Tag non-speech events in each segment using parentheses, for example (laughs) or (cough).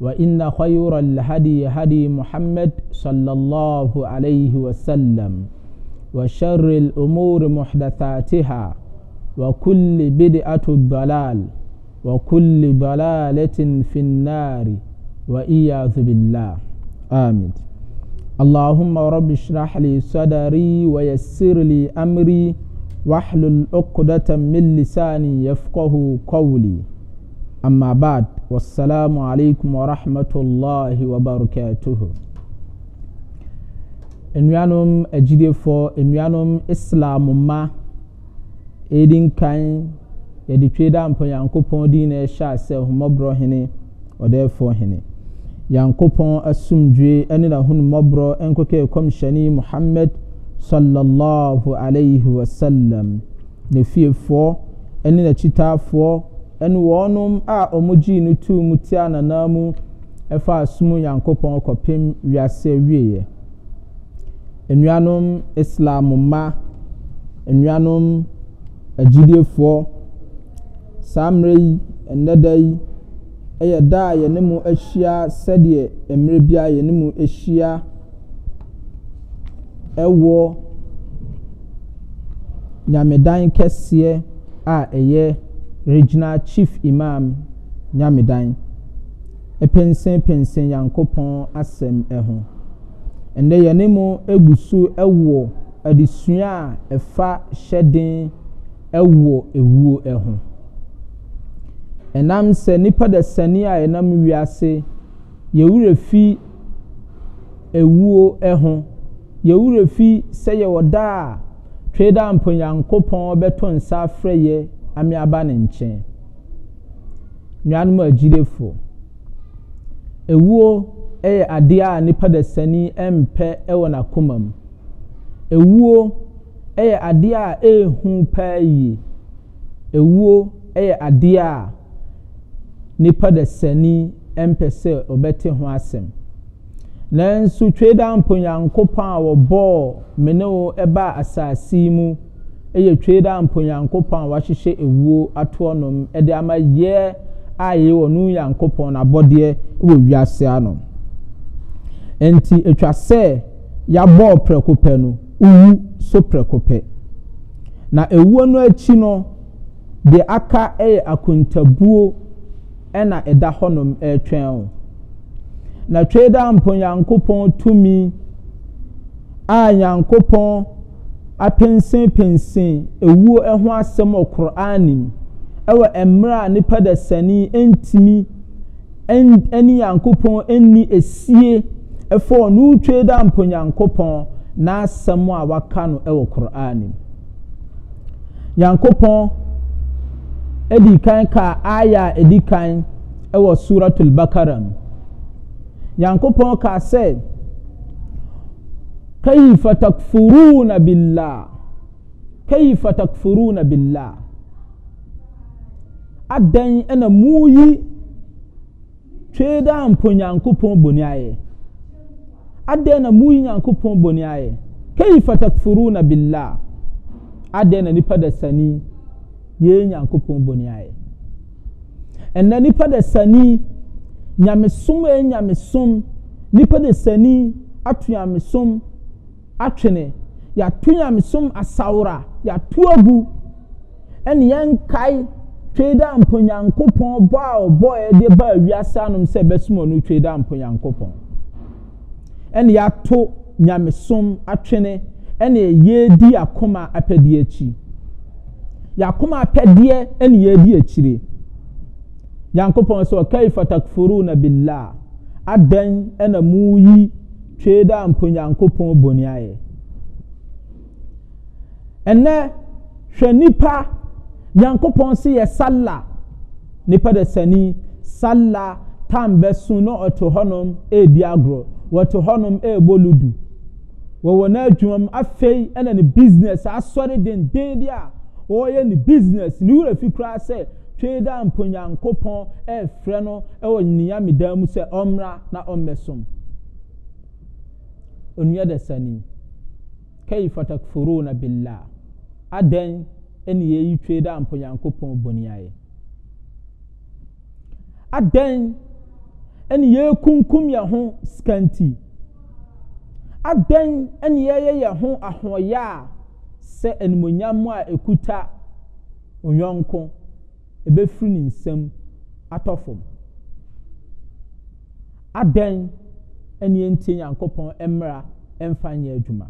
وإن خير الهدي هدي محمد صلى الله عليه وسلم وشر الأمور محدثاتها وكل بدعة الضلال وكل ضلالة في النار وإياذ بالله آمين اللهم رب اشرح لي صدري ويسر لي أمري واحلل عقدة من لساني يفقه قولي أما بعد والسلام عليكم ورحمة الله وبركاته nnuanom agyidefoɔ nnuanom islam ma ɛdi nkan yɛde twe da mpo nyankopɔn din na ɛhyɛ asɛ homɔborɔ hene ɔdɛɛfoɔ hene nyankopɔn asomdwe ne n'ahonomɔborɔ nkɔkɛ kɔmhyɛne muhammad sallallahu alaihi wasallam ne fiefoɔ ne n'akyitaafoɔ ɛne wɔnom a ɔmo gyii no tuu mu ti ananaa mu ɛfa asom nyankopɔn kɔpem wiase awieɛ nnuanom islam mma nnuanom agyidiefoɔ saa mmerɛ yi ɛnnɛ da yi ɛyɛ da a yɛne mu ahyia sɛdeɛ mmerɛ bi a yɛne mu ahyia ɛwɔ nyamedan kɛseɛ a ɛyɛ regional chief imam nyamedan mpɛnsɛmpɛnsɛn yankopɔn asɛm ho ɛnɛ yɛne mu egu so wɔ adesua a ɛfa hyɛden wɔ ewuo ho ɛnam sɛ nipa dasani a yɛnam wiase yɛwura fi ewuo ho yɛwura fi sɛ yɛwɔ da a twɛ da mponyankopɔn nsa afrɛ yɛ ame aba ne nkyɛn nuanom agyilefo ewuo yɛ adeɛ a nipa dasani mpɛ wɔ n'akoma mu ewuo yɛ adeɛ a ehu paa yie ewuo yɛ adeɛ a nipa dasani mpɛ sɛ ɔbɛte ho asɛm nanso twɛ da mponyankopɔn a wɔbɔɔ mene wo baa yi mu. ɛyɛ twe da mponyankopɔn a wahyehyɛ ewuo atoɔ nom de ama yɛ a yɛ wɔ no nyankopɔn n'abɔdeɛ wɔ wiase ano nti atwa sɛ yabɔ prɛko pɛ no owu so prɛko pɛ na ewuo no akyi no deɛ aka yɛ akontabuo na ɛda hɔnom retwɛn o na twe da mponyankopɔn tumi a nyankopɔn. apensenpensen ewuo ho asɛm wɔ kor'anim ɛwɔ mmerɛ a nipa sani ntumi ɛne yankopɔn ɛnni esie ɛfɔ ɔno twe da mpo nyankopɔn n'asɛm a waka no ɛwɔ kor'anim Yankopɔn ɛdi kan ka aya a ɛdi kan ɛwɔ suratul bakara mu yankopɔn ka sɛ. kayfa takfuruna billah kayfa takfuruna billah adan ɛna mu yi twɛ da mpo nyankopɔn bɔne ayɛ adan na mu yi nyankopɔn bɔne ayɛ kayfa takfuruna billah adan na nipa da sani yɛ nyankopɔn bɔne ayɛ ɛna nipa da sani nyamesom yɛ e nyamesom nipa da sani ato nyamesom atwene yɛato nyamesom asawora yɛato agu ɛne yɛnkae twei da mponyankopɔn bɔ a ɔbɔ yɛde ba wiase anom sɛ ɛbɛsom ɔno twei da mponyankopɔn ɛne yɛato nyamesom atwene ɛne yɛredi akoma apɛdeɛ akyi yɛakoma apɛdeɛ ɛne yɛredi akyire nyankopɔn sɛ ɔkai fatakfuruna billah adɛn ɛna muyi twe da mpo nyankopɔn bɔne ayɛ ɛnɛ hwɛ nipa nyankopɔn si yɛ salla nipa de sani salla tan bɛ sun na ɔte hɔnom edi agorɔ wɔte hɔnom ebɔ ludu wɔwɔ n'adwuma mu afei ɛna ne business asɔre denden de a wɔyɛ ne business ne wura fi koraa sɛ twe da mpo nyankopɔn ɛɛfrɛ no ɛwɔ nyiame dan mu sɛ ɔmra na ɔmmɛsom onua da sani kaifa takfuruna billah adan ɛne yɛyi twe da amponyankopɔn bɔne ayɛ adan ɛne yɛkunkum yɛn ho sikanti adan ɛne yɛyɛ yɛn ho ahoɔyɛ a sɛ animonyam a ɛkuta onyɔnko ɛbɛfiri ne nsam atɔ fam adan ɛne yɛntie nyankopɔn mmara ɛmfa nyɛ adwuma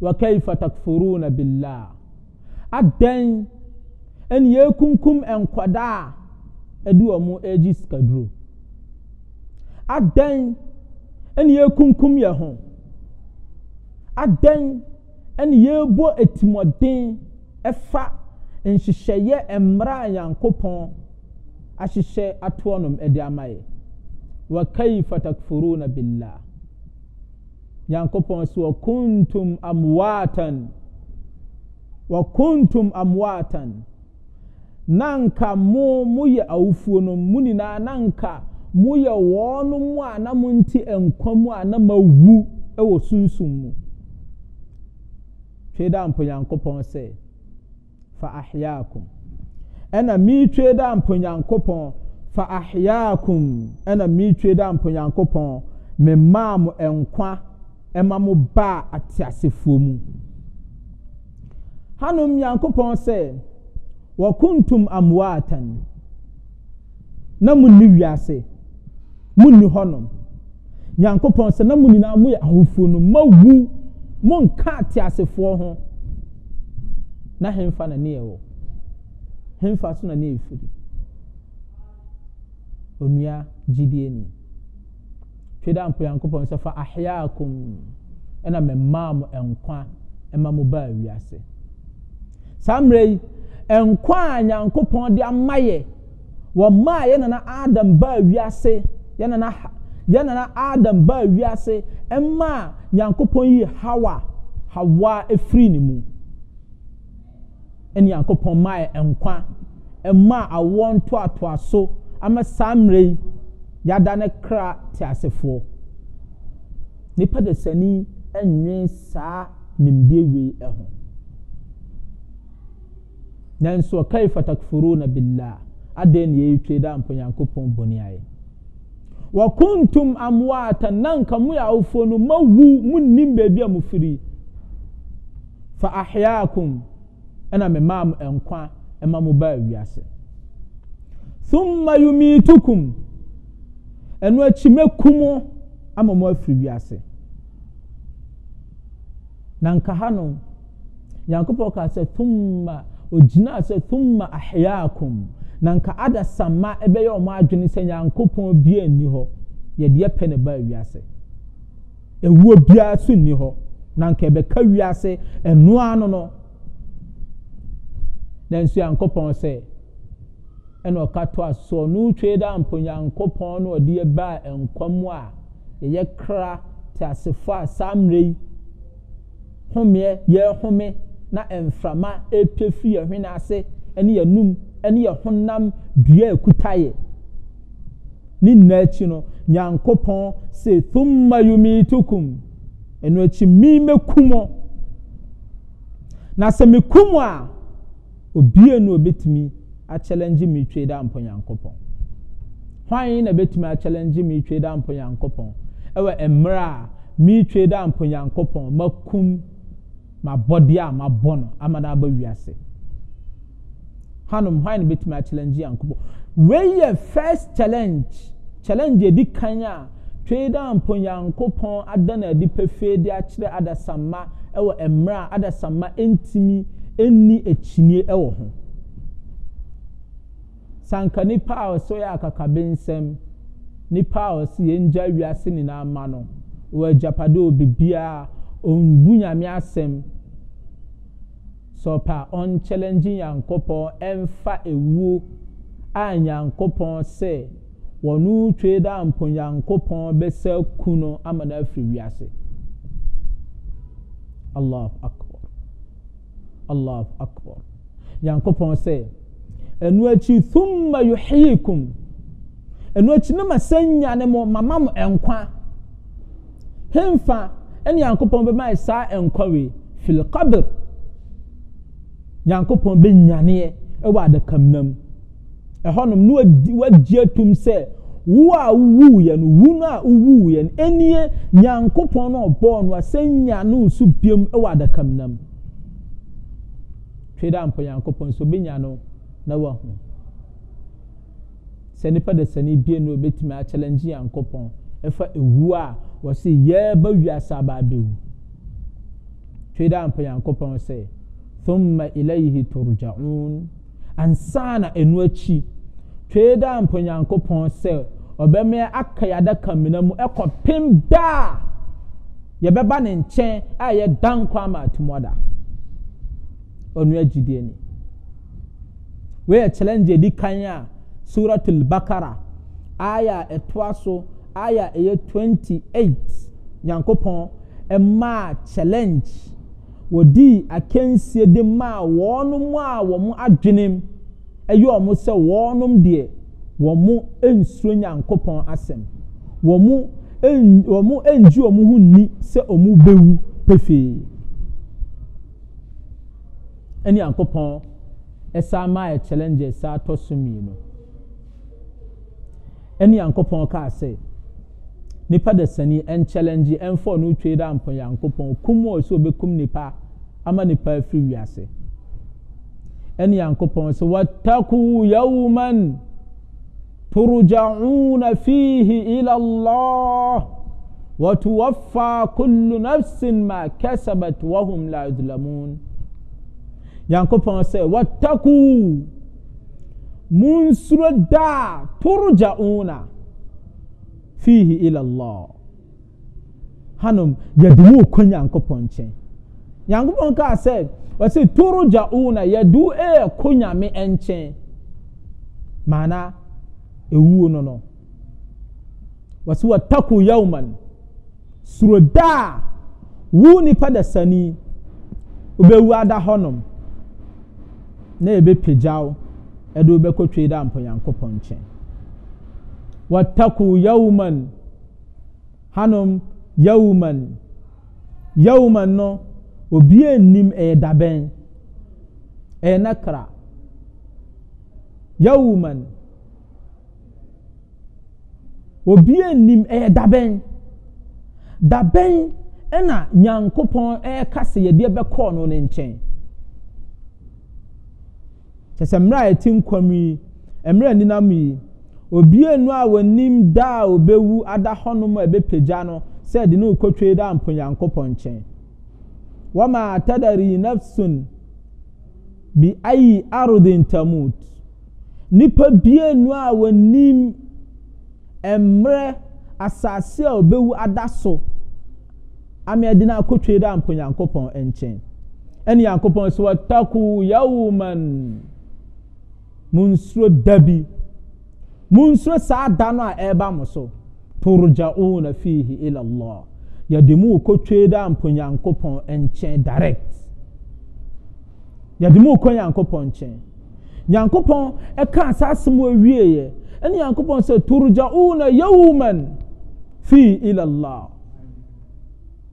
wakaifa takfuruna billah adɛn ɛne yɛkunkum nkɔdaa ɛde wɔn agyi sikaduro adɛn ɛne yɛkunkum yɛ ho adɛn ɛne yɛrebɔ etimɔden ɛfa nhyehyɛeɛ mmara a nyankopɔn ahyehyɛ atoɔ nom ɛde ama yɛ wa kaifa takfuruna billah nyankopɔn sɛ wa kuntum amwatan wa kuntum amwatan nanka mu mu yi awufuo no mu nina nanka mu yi wɔn mu a na monte nkwa mu a na ma mawu wɔ sunsun mu twe da mpo yankopon sɛ fa ahyaakum ɛna meretwe da mpo yankopon fa ahyaakum ɛna miretwe da mponyankopɔn memaa mo nkwa ɛma mo baa ateasefoɔ mu hanom nyankopɔn sɛ wɔkuntum amoatan na mu munni wiase munni hɔnom nyankopɔn sɛ na mo nyinaa moyɛ ahofuo no mawu monka ateasefoɔ ho na hemfa n'ani ɛwɔ hemfa so n'ani ɛfiri onua gyidie ni twɛ dɛ ampo yankopɔn sɛ fa ahyɛakom ɛna mɛmaa mo nkwa ɛma mo baa wiase saa mmerɛ yi nkwa a nyankopɔn de ama yɛ wɔ mmaa yɛ nana adam baa wiase yɛ nana yɛ nana adam baa wiase mmaa nyankopɔn yi hawa hawa efiri ne mu ɛne nyankopɔn maa yɛ nkwa mmaa awoɔ ntoatoa so ama saa mmerɛ yi yɛada ne kra te asefoɔ nipa de sani ɛnwe saa nimdeɛ wei ɛho nanso kaifa takfuruna billah adan ne yɛretwe da mpo nyankopɔn bɔne ayɛ wakuntum amwata nanka mu yɛ awofoɔ no mawu munnim baabi a mofiri fa ahyaakum ɛna memaa mo nkwa ɛma mo baa wiase thumma yumitukum ɛno akyi mɛku mu ama mo afiri wiase na nka ha no nyankopɔn kaa sɛ thumma ogyinaa sɛ thumma ahyaakum na nka adasama ɛbɛyɛ ɔmo adwene sɛ nyankopɔn bia nni hɔ yɛde ɛpɛ ne ba wiase ewuo biara so nni hɔ na nka ɛbɛka wiase ɛnoa no no nanso nyankopɔn sɛ ɛna ɔka to asoɔ no twe da mponyankopɔn no ɔde ɛbaa nkɔm a yɛyɛ kra te asefo a saa mmerɛ yi homeɛ yɛhome na mframa ɛpie firi yɛn hwene ase ɛne yɛn num ɛne yɛn honam dua ɛkuta yɛ ne nyinaa akyi no nyankopɔn sɛ thumma yumitukum ɛno akyi mi mɛkum mo na sɛ mekum a obie no obɛtumi akyɛlɛngye me twe da mpɔ nyankopɔn hwan na bɛtumi akyɛlɛngye me twe da mpɔ nyankopɔn ɛwɔ mmerɛ a me twe da mpɔ ma makum mabɔdeɛ a mabɔ no ama no aba wiase hanom hwan na bɛtumi akyɛlɛngye nyankopɔn wei yɛ first challenge challenge edi kan a twe da mpɔ nyankopɔn ada na adi pɛfɛɛ de akyerɛ adasamma ɛwɔ mmerɛ a adasamma ntumi nni akyinie ɛwɔ ho. sɛ anka nipa a ɔsɛ ɔyɛ akakabensɛm nipa a ɔsɛ yɛn gya wiase nyinaa ma no wɔ agyapade obibiara ɔnbu nyame asɛm sɔpa ɔnkyɛlɛngye nyankopɔn ɛmfa ewuo a nyankopɔn sɛ wɔn twe da mpo nyankopɔn bɛsɛ ku no ama no afiri wiase allahu akbar allahu akbar nyankopɔn sɛ. ɛnu akyi thumma yuhyikum ɛnu akyi ne ma sanya ne mo mama mo nkwa hemfa ɛne yankopɔn bɛma yɛ saa nkwa wei fil qabr yankopɔn bɛnyaneɛ ɛwɔ adakamnam ɛhɔnom ne wagye atum sɛ wo a wowuiɛ no wu no a wowuiɛ no ɛnie nyankopɔn no ɔbɔɔ no asɛnya ne wo so biom ɛwɔ adakamnam hwɛ dɛ ampɔ nyankopɔn so bɛnya no na wahu sɛ nipa da sani bie no obetumi akyɛlɛngye yankɔpɔn ɛfa ewu a wɔsi yɛɛba wiase abaabewu twe da mpa yankɔpɔn sɛ thumma ilayihi turja'un ansa na enu akyi twe da mpa yankɔpɔn sɛ ɔbɛmɛ aka yadaka mina mu ɛkɔ pem daa yɛbɛba ne nkyɛn a yɛ dan kɔ ama atumɔda ɔnu agyidie ni wei challenge di kan a tul bakara aya ɛtoa so aya ɛyɛ twenty eight nyankopɔn ɛmaa challenge wɔdii akansie de maa wɔnom a wɔn adwenem ɛyɛ wɔn sɛ wɔnom deɛ wɔn nsuro nyankopɔn asɛm wɔn wɔn ngye wɔn ho nni sɛ wɔn bɛwu pefee ɛne nyankopɔn ɛsa ma yɛ e challenge saa tɔ so mmienu ɛne yankopɔn kaa sɛ nipa dasani ɛnkyɛlɛngye ɛnfɔ no twe da mpɔ yankopɔn kum a ɔsɛ ɔbɛkum nipa ama nipa afiri e wiase ɛne yankopɔn sɛ wataku yawman turjauna fihi ila allah watuwaffa nafsin ma kasabat wahum la nyankopɔn sɛ watakuu munsuro daa turjauna fihi ila allah hanom yɛde mu kɔ nyankopɔn nkyɛn nyankopɔn kaa sɛ wɔsɛ turjauna yɛde wo ɛɛkɔ nyame nkyɛn maana ewuo no no wɔsɛ wataku yauman suro daa wo nipa da sani wobɛwu ada hɔnom na yɛbɛpagya wo ɛde wobɛkɔ twei dɛ amponyankopɔn nkyɛn wataku yawman hanom yawman yawman no obiara nnim ɛyɛ dabɛn ɛyɛ nakra yawman obiara nnim ɛyɛ dabɛn dabɛn ɛna nyankopɔn ɛɛka sɛ yɛdeɛ bɛkɔɔ no ne nkyɛn kyɛ mmerɛ a yɛte nkɔm yi mmerɛ nenam yi obie nu a wɔnim da a obewu ada hɔnom a ebepagya no sɛ de ne okotwe da mponyankopɔn nkyɛn wɔma atadari nafsun bi ayi arudin tamut nipa bie nu a wɔnim mmerɛ asase a obewu ada so ama yɛde ne akotwe da mponyankopɔn nkyɛn ɛne yankopɔn sɛ wɔtako yawuman munsuro da bi munsuro saa da no a ɛreba mo so turjauna fihi ila allah yɛde mu kɔ twe da mponyankopɔn nkyɛn direct yɛde mu kɔ nyankopɔn nkyɛn nyankopɔn ɛka saa asɛm awieeɛ ɛne nyankopɔn sɛ turjauna yawman fihi ila allah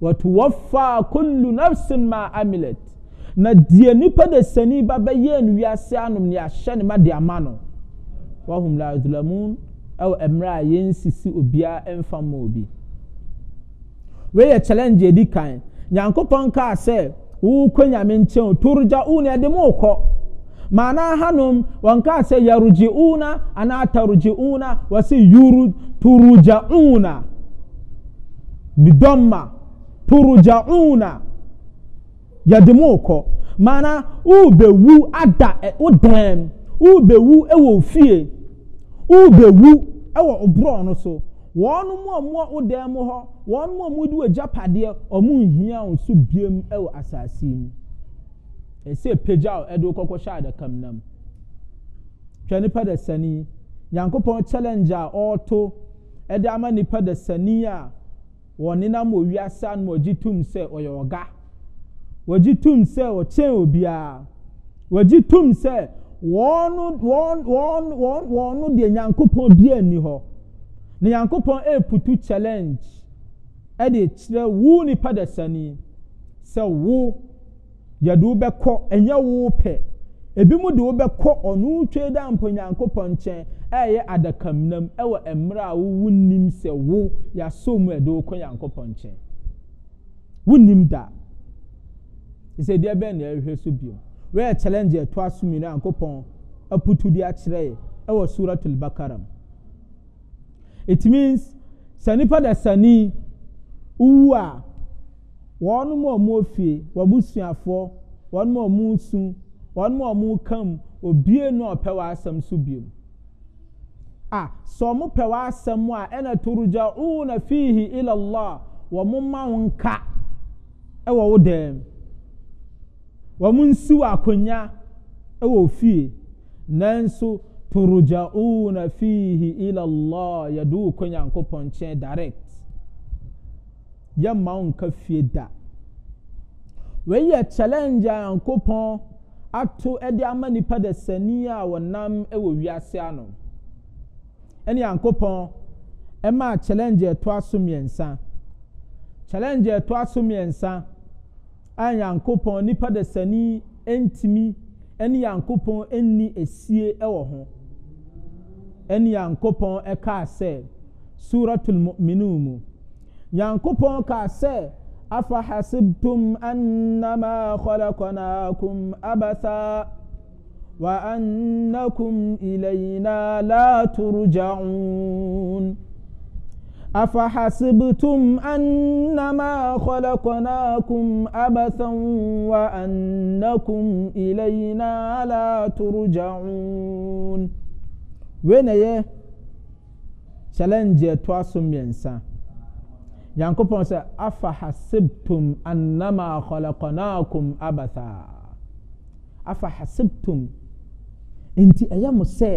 watuwaffa kullu nafsin ma amilat na deɛ nipa de sani ba bɛyɛ no wiase anom ne ahyɛ ne ma de ama no wahum la adulamun ɛwɔ mmerɛ a yɛnsisi obiara mfa ma obi wei yɛ challenge edi kan nyankopɔn kaa sɛ wokɔ nyame nkyɛn turgya wo na ɛde mu kɔ maana hanom wɔnkaa sɛ yarugyiuna anaa tarugyiuna wɔse yuru turugyauna bidɔmma turugyauna yɛde e, mu kɔ mana wobɛwu ada wodan wobɛwu wɔ fie wobɛwu wɔ borɔ no so wɔn mu a mu a wodan mu hɔ wɔn mu a mu di wɔ gyapadeɛ wɔn nhia wɔn so biem wɔ asase mu ɛsɛ pagya a ɛde kɔkɔ hyɛ adaka mu nam twɛ nipa da sani nyankopɔn challenge a ɔreto ɛde ama nipa da sani a wɔn wɔ wiase anum ɔgye tum sɛ ɔyɛ ɔga wɔgye tom sɛ wɔkyɛn obiara wɔgye tom sɛ wɔn wɔn wɔn wɔn wɔn deɛ nyankopɔn bi ani hɔ na nyankopɔn eputu challenge ɛde kyerɛ wu nipa dasani sɛ wu yɛde wo bɛkɔ ɛnyɛ wo pɛ ebi mu de wo bɛkɔ ɔno twe da mpo nyankopɔn nkyɛn ɛyɛ adakamnam ɛwɔ mmerɛ a wowu nim sɛ wo yasɔ mu ɛde wo nyankopɔn nkyɛn wo nim da sɛ deɛ bɛn na ɛhwɛ so bio wɔyɛ challenge ɛto aso mmienu nkopɔn aputu de akyerɛ yɛ ɛwɔ suratul bakara mu it means sɛ nipa da sani wu a wɔn mu a wɔn fie wɔn wɔn mu a wɔn su wɔn mu a wɔn kam obie no a ɔpɛ wɔ asɛm so bio a sɛ wɔn pɛ wɔ asɛm a ɛna turugya uu na fiihi ilallah wɔn mma wɔn ka ɛwɔ e wo dan mu wɔn nsi wɔ akonnwa wɔ fie nanso turjauna fihi ila allah yɛde konya nyankopɔn nkyɛn direct yɛmma wo nka fie da wei yɛ challenge a nyankopɔn ato de ama nnipa da sani a wɔnam wɔ wiase ano ɛne nyankopɔn ɛmaa challenge ɛtoa so mmiɛnsa challenge ɛtoa so mmiɛnsa a nyankopɔn nipa dasani ntumi ne nyankopɔn nni esie wɔ ho ne nyankopɔn kaa sɛ suratul mu'minun mu nyankopɔn kaa sɛ afa hasibtum annama khalaqnakum abasa wa annakum ilayna la turja'un أفحسبتم أنما خلقناكم أبثا وأنكم إلينا لا ترجعون وين هي challenge تواصل ينسى yankopɔn sɛ afa hasibtum annama khalaqnakum abatha afa hasibtum enti ɛyɛ mo sɛ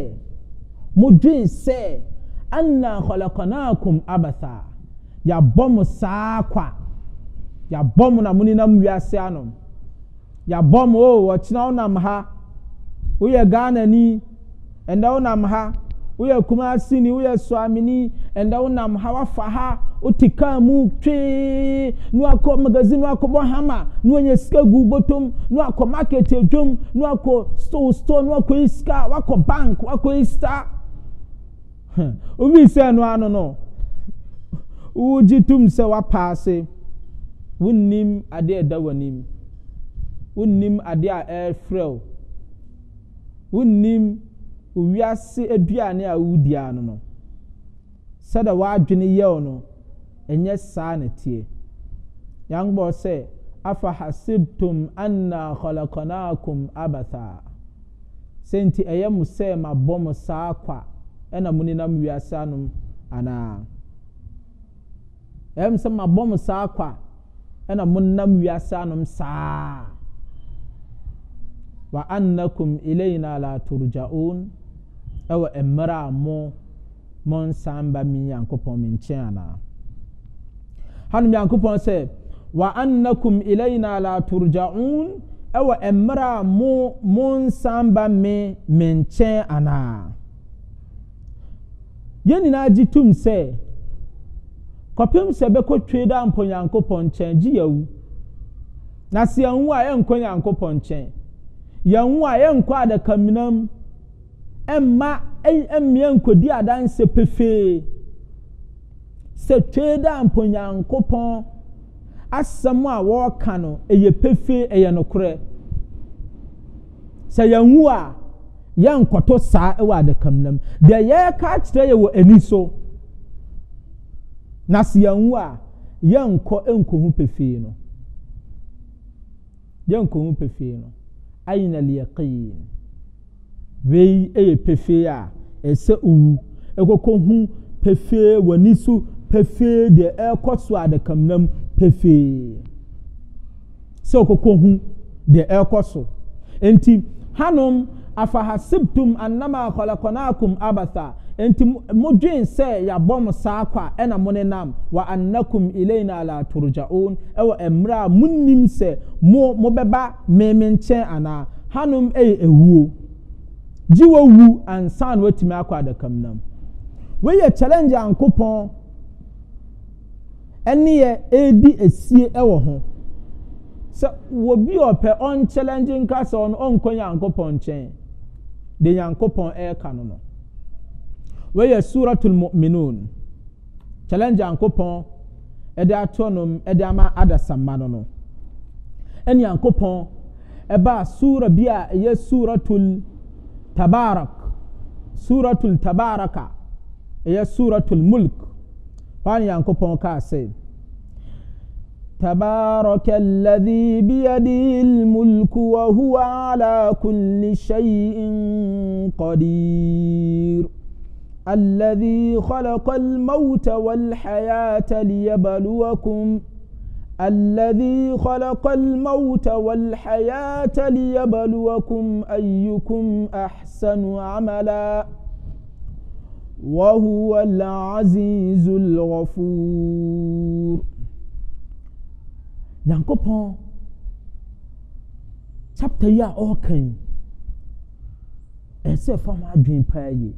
modwen sɛ anna khalaqnakum abasa yabɔ mo saa kwa yabɔ mo na mo nenam wiase ano yabɔ mo o oh, wɔkyena wonam ha woyɛ ghanani ɛndɛ wonam ha woyɛ kumasini woyɛ suamini ɛndɛ wonam ha wafa ha wote kaa mu twee ne wakɔ magazine wakɔbɔ hama ne wanya sika gu botom ne wakɔ market adwom ne wakɔ store store ne wakɔ yi sika wakɔ bank wakɔ yi sika obi (laughs) sɛ no ano no wogye tom sɛ wapaase wonnim adeɛ ɛda w'anim wonnim adeɛ a ɛrefrɛ wo wonnim owiase aduane a wodia no no sɛda w'adwene yɛw no ɛnyɛ saa na teɛ yangbɔ sɛ afa hasibtum anna khalaqnakum abatha sɛ nti ɛyɛ mo sɛ mabɔ mo saa kwa ɛna mu nenam wiase anom anaa ɛm sɛ mabɔ mo saa kwa ɛna mo nam wiase anom saa wa annakum ilayna la turja'un ɛwɔ mmerɛ a mo mo nsan ba mi nyankopɔn mi nkyɛn anaa hanom nyankopɔn sɛ wa annakum ilayna la turja'un ɛwɔ mmerɛ a mo mo nsan ba mi mi nkyɛn anaa yɛn nyinaa gye tom sɛ kɔpem sɛ bɛkɔ twe da mpɔ nyankopɔn nkyɛn gye yɛwu na sɛ yɛnwo a yɛnkɔ nyankopɔn nkyɛn yɛnwo a yɛnkɔ adakaminam ɛmma ɛmmea nkɔdi adanse pefee sɛ twe da mpɔ nyankopɔn asɛm a wɔreka no ɛyɛ pefee ɛyɛ nokorɛ sɛ yɛnwo a yɛnkɔtɔ saa wɔ adakam nam deɛ yɛreka akyerɛ yɛ wɔ ani so na se yɛnwu a yɛnkɔ nkɔhu pefee no yɛnkɔhu pefee no ayina liyakin wei yɛ pefee a ɛsɛ owu ɛkɔkɔhu pefee wɔ ani so pefee deɛ ɛrekɔ so adakam nam pefee sɛ ɔkɔkɔhu deɛ ɛrekɔ so nti hanom afahasibtum annama khalaqnakum abatha nti modwen sɛ yɛabɔ mo saa kwa ɛna mo nenam wa wa annakum ilaina la turjaun ɛwɔ mmerɛ a monnim sɛ mo mobɛba meme nkyɛn anaa hanom ɛyɛ ewuo gye wɔwu ansa na watumi akɔ adakam nam wɔyɛ challenge ankopɔn ɛne yɛ ɛredi esie ɛwɔ ho sɛ wɔbi ɔpɛ ɔnkyɛlɛngye nkasa ɔno ɔnkɔ nyankopɔn nkyɛn de nyankopɔn ɛɛka nono wɛyɛ suratu lmuminoun challenge yankopɔn de atɔnom de ama ada samma nono ɛn yankopɔn ba sura bi a ɛyɛ suratu tabarak suratu ltabaraka yɛ suratu l mulk pawane nyankopɔn kaasɛ تبارك الذي بيده الملك وهو على كل شيء قدير الذي خلق الموت والحياة ليبلوكم الذي خلق الموت والحياة ليبلوكم أيكم أحسن عملا وهو العزيز الغفور nyankopɔn chapter yi a ɔreka yi ɛsɛ fa ho adwene paa yie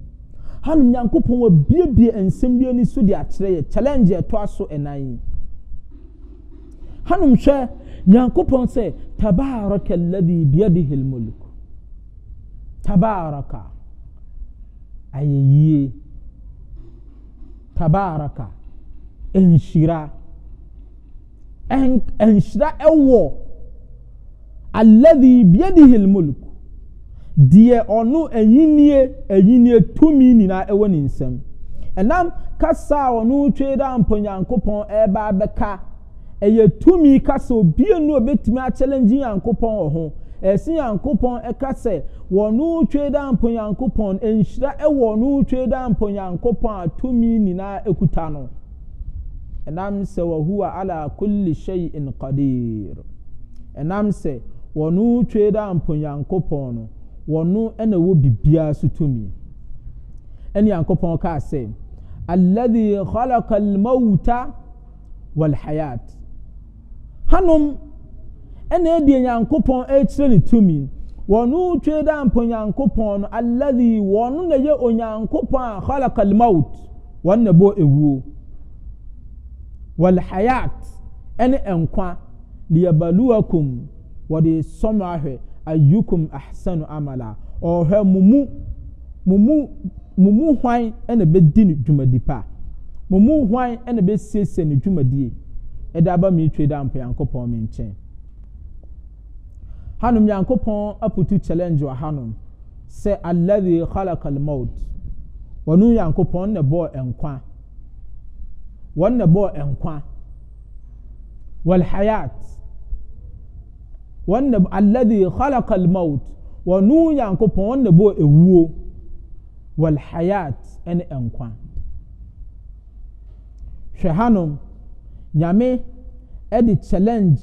hanom nyankopɔn wabiebie nsɛm bi ani so de akyerɛ yɛ challenge ɛtoa so ɛnan yi hanom hwɛ nyankopɔn sɛ tabaraka alladhi biyadihi almulk tabaraka ayɛ yie tabaraka nhyira nhyira wɔ alladhi biyadihi almulk deɛ ɔno ayinie ayinie tumi nyinaa ɛwɔ ne nsam ɛnam kasa a ɔno twe da mpɔnyankopɔn ɛreba abɛka ɛyɛ tumi kasa obie no a obetumi akyɛlɛngye nyankopɔn wɔ ho ɛsi nyankopɔn ɛka sɛ wɔno twe da mpɔnyankopɔn nhyira ɛwɔ ɔno twe da mpɔnyankopɔn a tumi nyinaa ekuta no. ɛnam sɛ wahuwa ala kulli shay'in qadir ɛnam sɛ wɔno twe da mponyankopɔn no wɔno ɛna ɛwɔ biribiara so tumi ɛne yankopɔn kaa sɛ alladhi khalaqa almauta walhayat hanom ɛna ɛdeɛ nyankopɔn ɛkyerɛ ne tumi wɔno twe da mponyankopɔn no alladhi wɔno na ɛyɛ onyankopɔn a khalaqa almaut wɔn na ɛbɔ ewuo walhayat ɛne nkwa liyabaluwakum wɔde sɔm ahwɛ ayukum ahsanu amala ɔhwɛ mumu mumu mumu hwan ɛna bɛdi ne dwumadi pa mumu hwan ɛna bɛsiesie ne dwumadie ɛde aba mi twe da mpa yankopɔn mi nkyɛn hanom yankopɔn aputu challenge wɔ hanom sɛ alladhi khalaqa almaut wɔn yankopɔn na bɔɔ nkwa wɔn na bɔɔ nkwa walhayat wɔn na alladhi khalaqa almaut wɔnu nyankopɔn wɔn na bɔɔ ewuo walhayat ɛne nkwa hwɛ hanom nyame ɛde challenge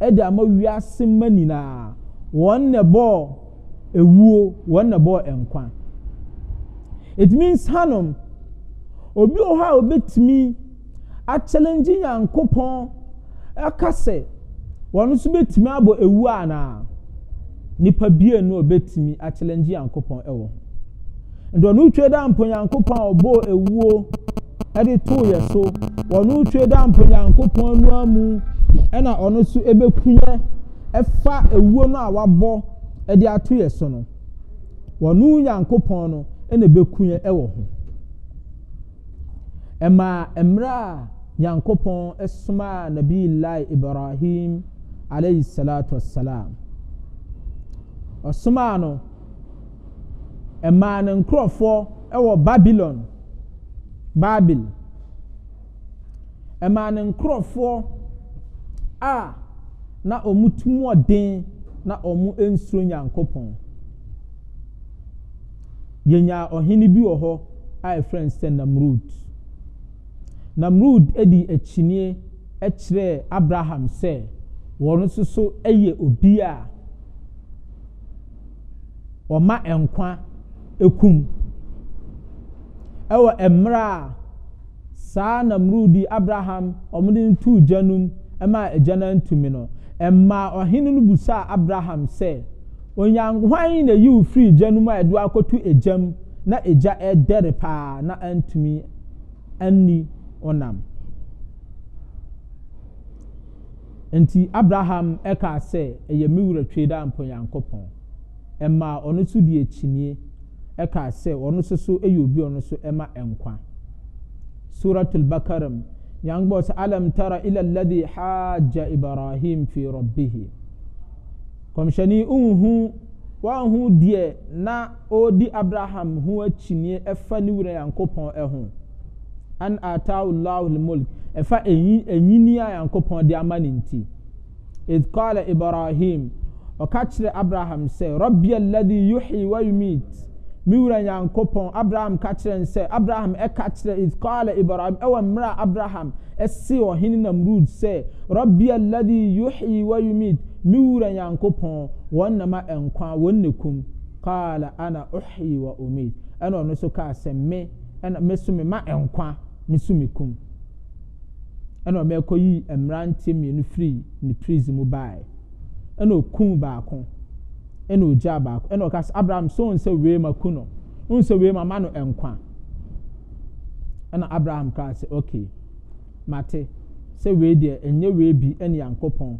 ɛde ama wiase mma nyinaa wɔn na bɔɔ ewuo wɔn na bɔɔ nkwa it means hanom obi wɔ hɔ a obetumi. akyɛlɛngye nyankopɔn ɛka sɛ wɔn nso bɛtumi abɔ ewu anaa nipa bie no a obetumi nyankopɔn ɛwɔ ndɔn utwe da mpo nyankopɔn a ɔbɔ ewuo ɛde to yɛ so wɔn utwe da mpo nyankopɔn nua mu ɛna ɔno nso ebekunyɛ ɛfa ewuo no a wabɔ ɛde ato yɛ so no nyankopɔn no ɛna ɛwɔ ho nyankopɔn ɛsomaa nabiilahi ibrahim alayhi salatu wassalam ɔsomaa no ɛmaa ne nkurɔfoɔ ɛwɔ babylon babil ɛmaa ne nkurɔfoɔ a na ɔmo tumu ɔden na ɔmo nsuro nyankopɔn yɛnyaa ɔhene bi wɔ hɔ a ɛfrɛ nsɛ namrud namrud di akyinie kyerɛɛ abraham sɛ wɔn nso so yɛ obi a ɔma nkwa kum ɛwɔ mmerɛ a saa namrudi abraham ɔmode no tuu gya no m ma agya no antumi no mmaa ɔhene no busaa abraham sɛ onyankwan na yi ofiri firi gya no mu a ɛde akɔtu agyam na agya ɛdɛre paa na antumi anni ɔnam nti abraham ɛka sɛ ɛyɛ me wura twe da mpɔnyankopɔn ɛmaa ɔno nso de akyinie ɛka sɛ ɔno nso so ɛyɛ obi ɔno nso ɛma nkwa suratul bakaram yangbɔ sɛ alam tara ila alladhi hajja ibrahim fi rabbihi kɔmhyɛni nhu wanhu deɛ na ɔredi abraham ho akyinie ɛfa ne wura nyankopɔn ɛho an ataahu llahu lmulk ɛfa ɛnyini a nyankopɔn de ama ne nti id qala ibrahim ɔka kyerɛ abraham sɛ rabbi alladhi yuhyi wa yumit me wura nyankopɔn abraham ka kyerɛ n sɛ abraham ɛka kyerɛ id qala ibrahim ɛwɔ mmerɛ a abraham ɛse ɔhene namrud sɛ rabbi alladhi yuhyi wa yumit me wura nyankopɔn wɔn nama ɛnkwa wɔn ne kum qala ana uhyi wa umit ɛna ɔno nso kaa sɛ me ɛna me so me ma ɛnkwa mesome kum ɛna ɔmo ɛkɔ yi mmeranteɛ mmienu firi ne prison mu bae ɛna okum baako ɛna ogya baako ɛna ɔka abraham so nsa wee ma ku no nsa wee ma ma no nkwa ɛna abraham kaa sɛ okay mate sɛ wee deɛ ɛnyɛ wee bi ɛne yankopɔn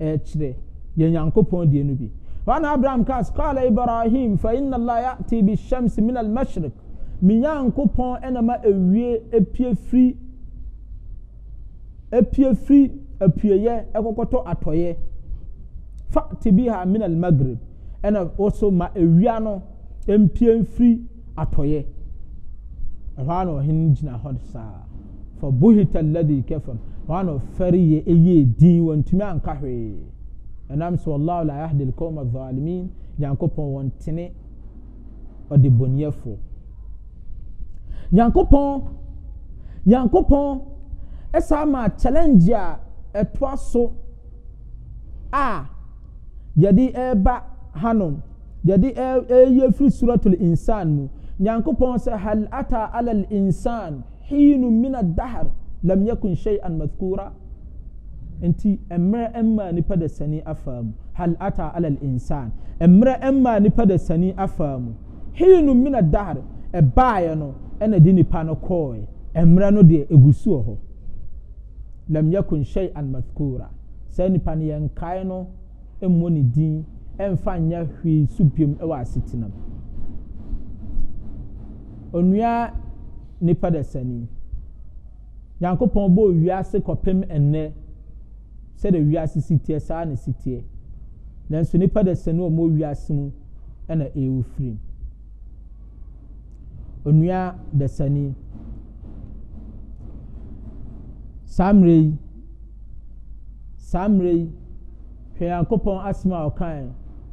ɛɛkyerɛ yɛ yankopɔn deɛ no bi wɔn abraham kaa sɛ kɔɔla ibrahim fa inna allah ya'ti bi shams min al mashrik minyankopɔn ɛna ma ewie epie firi epie firi apueyɛ ɛkɔkɔtɔ atɔyɛ fa tibi ha minal magreb ɛna wɔso ma ewia no empie firi atɔyɛ ɛhɔ ana ɔhen gyina hɔ saa fɔ buhita ladi kɛfam ɛhɔ ana ɔfɛre yɛ eye din wɔntumi anka hwee ɛnam so wallahu la yahdi alqawma adh-dhalimin nyankopɔn wɔntene ɔde bɔneyɛfoɔ nyankopɔn nyankopɔn ɛsa ama challenge a ɛtoa so a yɛde ɛreba hanom yɛde ɛɛyɛ firi suratul insan mu nyankopɔn sɛ hal ata ala al insan hiinu min adahar lam yakun shay'an madhkura nti mmerɛ mmaa nipa da sani afaa mu hal ata ala al insan mmerɛ mmaa nipa da sani afaa mu hiinu min adahar ɛbaeɛ no ɛna de nipa no kɔɔɛ mmerɛ no deɛ egusuo so wɔ hɔ lam yakun hyɛn anmaskora saa nipa no yɛn kae no mmɔ ne din ɛmfa nyɛ hwee so biem ɛwɔ asetena mu onua nipa dasani nyankopɔn bɔ wiase kɔpem ɛnɛ sɛdeɛ wiase si teɛ saa na si teɛ nanso nipa dasani a wɔn wɔ wiase mu ɛna ɛwɔ firim onua dasani saa mmerɛ yi saa mmerɛ yi hwɛ nyankopɔn asɛm a ɔkae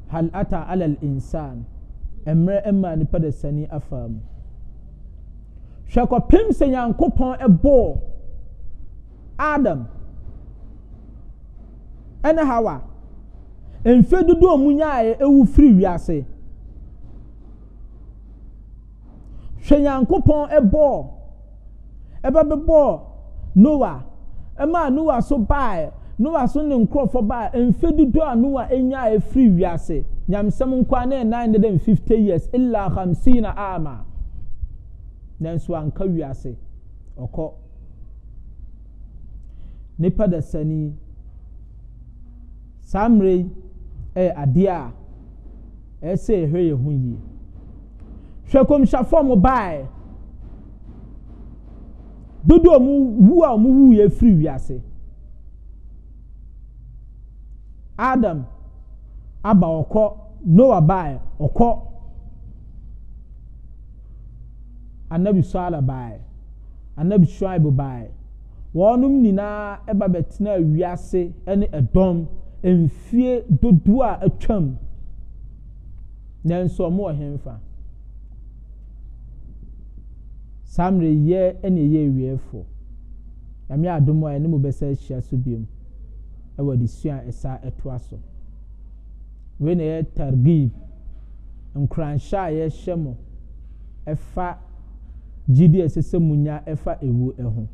hal ata alal insan mmerɛ ma nipa dasani afa mu hwɛ kɔpem sɛ nyankopɔn ɛbɔɔ adam ɛne hawa mfe dodoɔ mu nyaayɛ ɛwu firi wiase. hwɛ nyankopɔn ɛbɔɔ ɛbɛ bɛbɔɔ noa ɛmaa noa so baeɛ noa so ne nkurɔfoɔ baeɛ mfe dodoɔ a noa anya ɛfiri wiase nyamsɛm nkwa ne nine hundred and fifty years illa hamsin na ama nanso anka wiase ɔkɔ nipa dasani saa mmerɛ yi ɛyɛ adeɛ a ɛsɛ ɛhwɛ yɛn ho yie hwɛ kɔmhyɛfoɔ mo baeɛ dodo a wu a ɔmo wu yɛ firi wiase adam aba ɔkɔ Noah baeɛ ɔkɔ anabi sɔala baeɛ anabi shuaibu baeɛ wɔn nyinaa ɛba bɛtena wiase ɛne ɛdɔm mfie dodoɔ a atwam nanso ɔmo wɔ hɛn fa. Samre mmerɛ yɛ ɛna ɛyɛ awiefoɔ nyame adom a ɛne mu bɛsɛ ahyia so biom ɛwɔ adesua a ɛsa ɛtoa so wei na ɛyɛ targib nkuranhyɛ a yɛhyɛ mo ɛfa gyidi a ɛsɛ sɛ mu nya ɛfa ewu ɛho